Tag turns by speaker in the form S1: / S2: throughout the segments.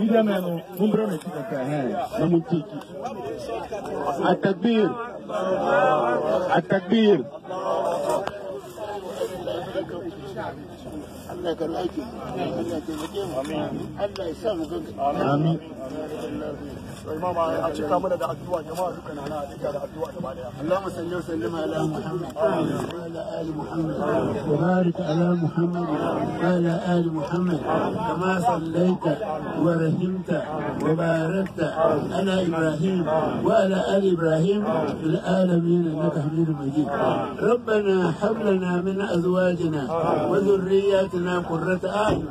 S1: Évidemment, nous prenons ici le terrain, le Moutiki. Atakbir! Atakbir! الله يكرمك الله يكرمك الله يسامحك امين امين اللهم صل وسلم على محمد وعلى ال محمد وبارك على محمد وعلى ال محمد كما صليت ورحمت وباركت على ابراهيم وعلى ال ابراهيم في العالمين انك حميد مجيد ربنا حب لنا من ازواجنا وذرياتنا قرة أعين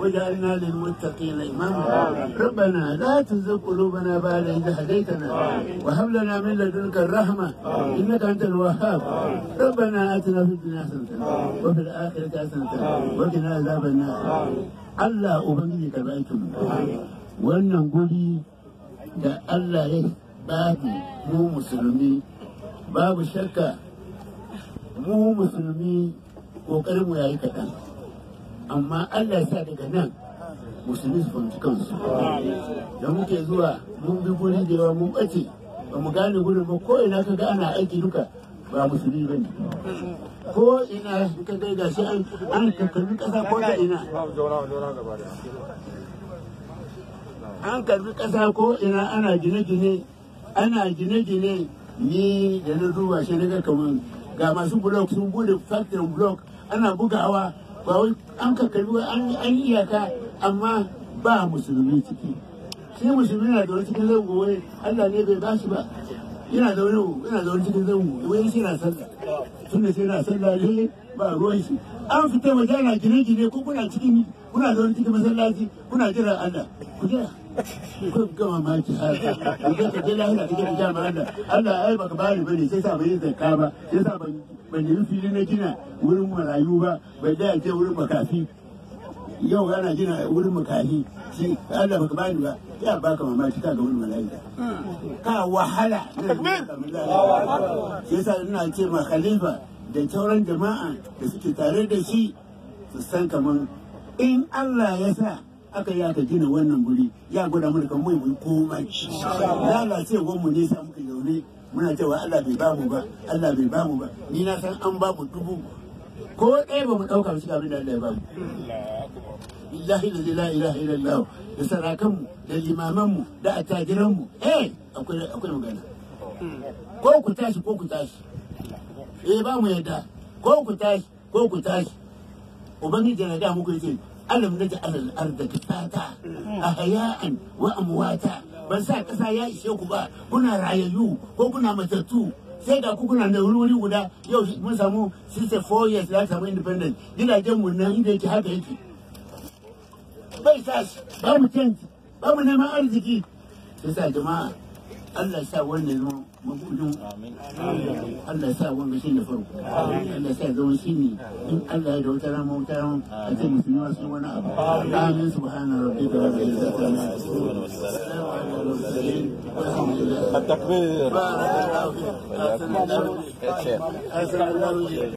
S1: واجعلنا للمتقين إماما ربنا لا تزغ قلوبنا بعد إذ هديتنا وهب لنا من لدنك الرحمة إنك أنت الوهاب ربنا آتنا في الدنيا حسنة وفي الآخرة حسنة وقنا عذاب النار الله Ubangiji ka وأن mu wannan الله da Allah ya babu mu musulmi babu shakka mu musulmi ƙoƙarinmu amma Allah ya sa daga nan musulmi su fahimci kansu da muke zuwa mun bi guri da yawa mun ɓace ba mu gane gurin ba ko ina ka ga ana aiki duka ba musulmi ba ne ko ina ka ga shi an karbi kasa ko da ina an karbi ƙasa ko ina ana gine-gine ana gine-gine ni da na zuwa shi na ga kamar ga masu blok sun bude factory blok ana bugawa ba wai an ka karbi an iyaka amma ba musulmi ciki shi musulmi na zaune cikin zango wai Allah ne bai basu ba yana zaune wani yana zaune cikin zango wai sai na sallah tun da sai na sallah ne ba ruwan shi an fita waje na gine-gine ko kuna cikin kuna zaune cikin masallaci kuna jira Allah ku je ku ma mamaki haka ku je ka je lahira kike da jama'a Allah ai baka bari bane sai sa bai zakka ba sai sa ban ban nemi fili na gina wurin marayu ba bai da ce wurin makafi yau ana gina wurin makafi shi Allah baka bani ba ya baka mamaki ka ga wurin marayu da. ka wahala sai sa ina ce ma khalifa da sauran jama'a da suke tare da shi su san kamar in Allah ya sa aka yi aka gina wannan guri ya gwada mana kamar mai komai lalacewa mu ne sa muka yaune. muna cewa Allah bai bamu ba Allah bai bamu ba ni na san an bamu dubu ko ɗaya ba mu ɗauka shi shiga abin da Allah ya bamu billahi da la ilaha illallah da sarakan mu da limaman mu da attajiran mu eh akwai akwai magana ko ku tashi ko ku tashi eh ba mu yadda ko ku tashi ko ku tashi ubangiji na da muku yace alam Allah al-ardha kisata ahya'an wa amwata ban sa ƙasa ya ishe ku ba kuna rayayyu ko kuna matattu sai ku kuna da wuri wuri guda yau mun samu four years ya samu independence gidajen mu nan inda yake haka yake bai sa ba mu canji ba mu neman arziki sai sa jama'a Allah ya sa wannan zama mabudu Allah ya sa wannan shi ne farko Allah ya sa zama shi ne in Allah ya da wata rama wata rama a ce musulmi wasu wani abu amin subhana rabbika rabbil izzati amma yasifun assalamu alaikum mursalin التكبير